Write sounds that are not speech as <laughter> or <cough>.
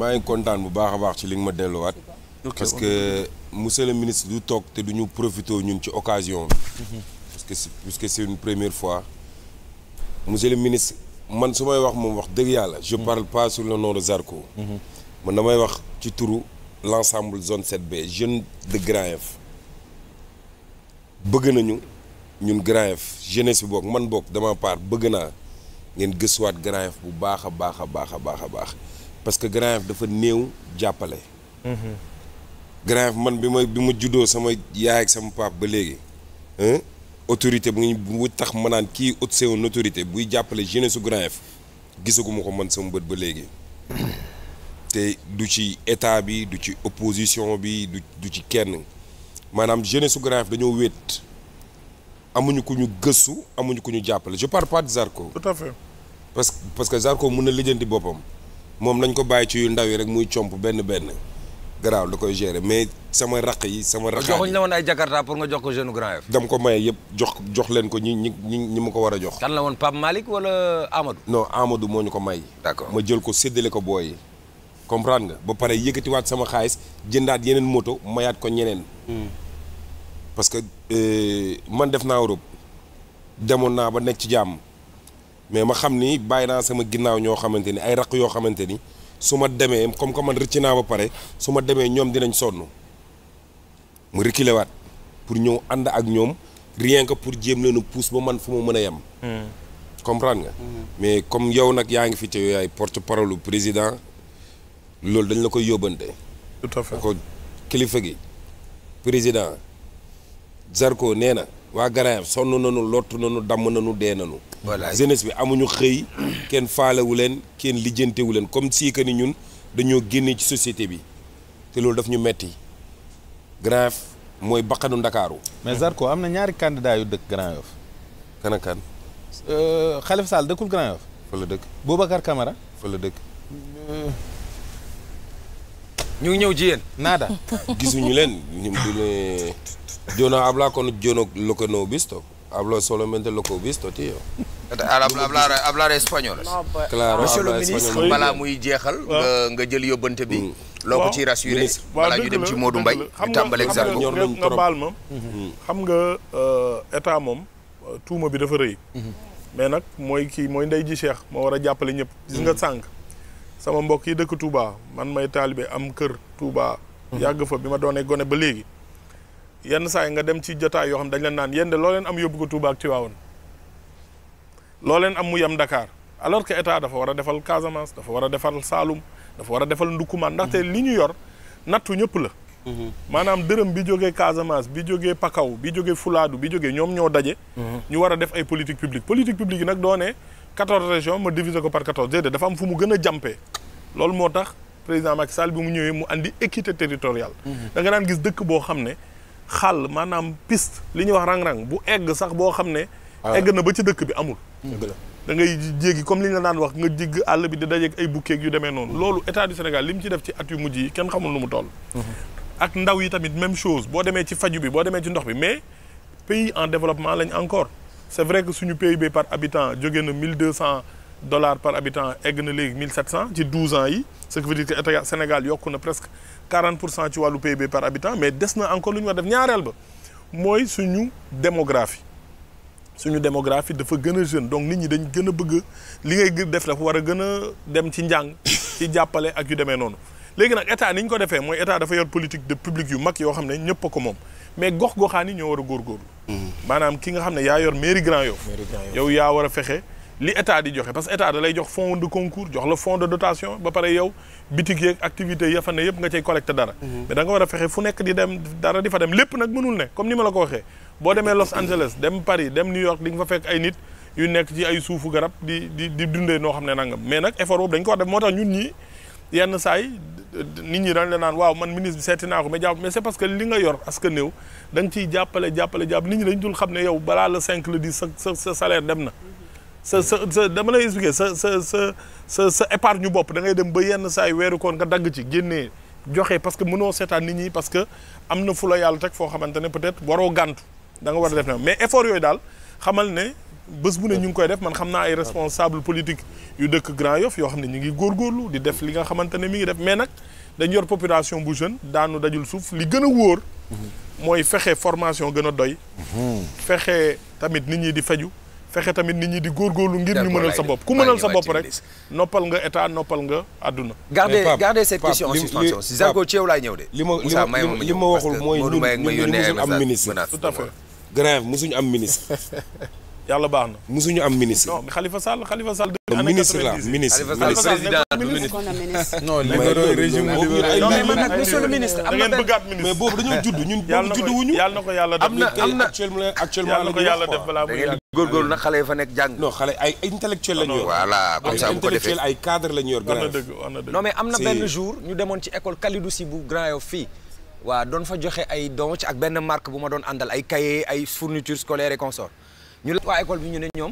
maa ngi kontaan bu baax a baax ci li nga ma delluwaat. parce que monsieur le ministre du toog te du ñu profité ñun ci occasion mhm. parce que puisque c'est une première fois. monsieur le ministre man su may wax moom wax dëgg yàlla. je mhm. parle pas sur le nom de Zarko. Mhm. man damay wax ci turu l'ensemble zone 7B jeune de Grand bëgg nañu ñun Grand Yoff jeunesse bi man book dama part bëgg naa ngeen gëstuwaat Grand Yoff bu baax a baax a baax a baax a baax. parce que Grand Yoff dafa néew jàppale. Mhm. Grand Yoff man bi ma bi ma juddoo sama yaay ak sama paap ba léegi autorité bu bu tax ma naan kii c'est une autorité buy jàppale jeunesse su Grand Yoff gisaguma ko man sama bët ba léegi. <coughs> te du ci état bi du ci opposition bi du du ci kenn maanaam jeunesse su Grand Yoff dañoo wéet amuñu ku ñu gëstu amuñu ku ñu jàppale je parle pas de Zarko. tout à parce que parce que Zarko mun na lijjanti boppam. moom lañ ko bàyyi ci yu ndaw yi rek muy comp benn benn garaaw da koy gérer mais sama raq yi sama raqaat yi joxuñ la woon ay pour nga jox ko jeune Grand dam ko maye yëpp jox jox leen ko ñi ñi ñi ñi ma ko war a jox kan la woon Pape Malick wala Amadou non Amadou moo ñu ko may d'accord ma jël ko séddale ko booyi comprendre nga ba pare yëkkatiwaat sama xaalis jëndaat yeneen moto mayaat ko ñeneen hmm. parce que euh, man def naa Europe demoon naa ba nekk ci jàmm mais ma xam ni bàyyi naa sama ginnaaw ñoo xamante ni ay raq yoo xamante ni su ma demee comme que man rëcc naa ba pare su ma demee ñoom dinañ sonn mu reculer waat pour ñëw ànd ak ñoom rien que pour jéem leen a pousse ba man fu ma mën a yem. Hmm. comprendre nga. Hmm. mais comme yow nag yaa ngi fi te ay porte parole président loolu dañ la koy yóbbante. tout ko kilifa gi président Zarko nee na waa Garab sonn nañu lottu nañu damm nañu dee nañu. voilà jeunesse bi amuñu xëy kenn faalewu leen kenn lijjantewu leen comme si ni ñun dañoo génne ci société bi te loolu daf ñu metti Grand Yoff mooy baqanu Ndakaaru mais Zarko am na ñaari candidat dëkk Grand Yoff kan ak kan euh, Khalifa dëkkul Grand Yoff la dëkk Boubacar Camara fa la dëkk ñu ngi ñëw jigéen yéen naada <laughs> gisuñu leen ñu dune jono habla con jono lo que no visto hablo solamente lo que he visto tío hablar hablar español claro monsieur le ministre balaa muy jeexal nga nga jël yóbbante bi mm. loo ko ci rassuré balaa ñu dem ci Modou Mbaye ñu tàmbale exemple ñor nañ trop nga baal ma mm-hmm. xam nga euh, état moom euh, tuuma bi dafa rëy mm-hmm. mais nag mooy kii mooy ndey ji Cheikh moo war a jàppale ñëpp gis nga mm-hmm. sànq sama mbokk yi dëkk Touba man may taalibe am kër Touba yàgg fa bi ma doonee gone ba léegi yenn saa yi nga dem ci jotaay yoo xam dañ leen naan yéen de loo leen am yóbbu ko Touba ak Tivaouane loo leen am mu yem Dakar alors que état dafa war a defal Casamance dafa war a defal Saalum dafa war a defal Ndoukoumane ndaxte mhm. li ñu yor nattu ñëpp la. Mhm. maanaam dërëm bi jógee Casamance bi jógee Pakaw bi jógee Fulaadu bi jógee ñoom ñoo daje. Mhm. ñu war a def ay politique publique politique publique yi nag doo ne quatorze région ma diviser ko par quatorze déedéet dafa am fu mu gën a jàmpee loolu moo tax président Macky Sall bi mu ñëwee mu indi équite territoriale. da nga daan gis dëkk boo xam ne xàll maanaam piste li ñuy wax rang bu egg sax boo xam ne. Ah. egg na ba ci dëkk bi amul. da ngay jéggi comme li nga daan wax nga jégg àll bi di dajeeg ay bukkeeg yu demee noonu loolu état du Sénégal li mu ci def ci at yu mujj yi kenn xamul nu mu toll mhm. ak ndaw yi tamit même chose boo demee ci faju bi boo demee ci ndox bi mais pays en développement lañ encore c'est vrai que suñu PIB par habitant jóge na mille deux cent dollars par habitant egg na léegi mille sept cent ci douze ans yi ce qui veut dire Sénégal yokk na presque quarante pour cent ci wàllu PIB par habitant mais des na encore lu ñu war def ñaareel ba mooy suñu démographie suñu démographie dafa gën a jeune donc nit ñi dañ gën bëgg li ngay def dafa war a gën a dem ci njàng ci jàppale ak yu demee noonu léegi nag état ni ñu ko defee mooy état dafa yor politique de publique yu mag yoo xam ne ñëpp a ko moom mais gox goxaan yi ñoo war a góorgóorlu hmm. maanaam ki nga xam ne yaa yor mairie Grand Yoff yow yaa war a fexe li état di joxe parce que état da lay jox fonds de concours jox la fonds de dotation ba pare yow bitik yeeg activités ya fa nga cay collecté dara. Mhm. mais da war a fexe fu nekk di dem dara di fa dem lépp nag mënul ne comme ni ma la ko waxee. boo demee Los Angeles dem Paris dem New York di nga fa fekk ay nit yu nekk ci ay suufu garab di di di dundee noo xam ne nangam mais nag effort boobu dañ ko war def moo tax ñun ñii yenn saa yi nit ñi dañ la man ministre bi naa ko mais jàpp que li nga yor as néew da nga ciy jàppale jàppale jàpp nit ñi dañ ne yow balaa le 5 le 10 dem na. sa sa sa dama lay expliquer sa sa sa sa sa épargne bopp da ngay dem ba yenn saa yi weeru koon nga dagg ci génnee joxe parce que mënoo seetaan nit ñi parce que am na fu la yàlla teg foo xamante ne peut-être waroo gàntu danga war a def na mais effort yooyu daal xamal ne bës bu ne ñu ngi koy def man xam naa ay responsable politique yu dëkk Grand Yoff yoo xam ne ñu ngi góorgóorlu di def li nga xamante ne mi ngi def mais nag dañu yor population bu jeune daanu dajul suuf li gën a mhm. mooy fexe formation gën a doy mhm. fexe tamit nit ñi di faju fexe tamit nit ñi di góorgóorlu ngir ñu mënal sa bopp ku mënal sa bopp rek noppal nga état noppal nga àdduna gardez gardez cette question en suspension si Zarko ci li ma li ma waxul mooy ñun musuñ am ministre tout à fait grève musuñu am ministre yàlla baax na musuñu am ministre non Khalifa Sall Khalifa Sall ministre la ministre ministre non libéraux régime boobu ay nag monsieur am na benn mais boobu dañoo judd ñun boobu judd wuñu yàlla na ko yàlla def am na am ay cadre lañu yor grand mais am na benn jour ñu demoon ci école Kalidou Sy bu Grand Yoff fii waaw doon fa joxe ay don ak benn marque bu ma doon àndal ay cahier ay fourniture scolaire et consort ñu la waa école bi ñu ne ñoom